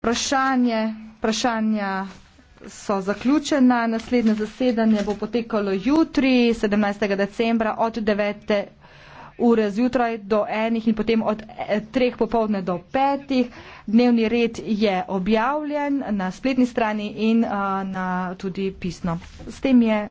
Vprašanje, vprašanja so zaključena. Naslednje zasedanje bo potekalo jutri, 17. decembra od 9. ure zjutraj do 1. in potem od 3. Eh, popovdne do 5. Dnevni red je objavljen na spletni strani in uh, na tudi pisno. S tem je.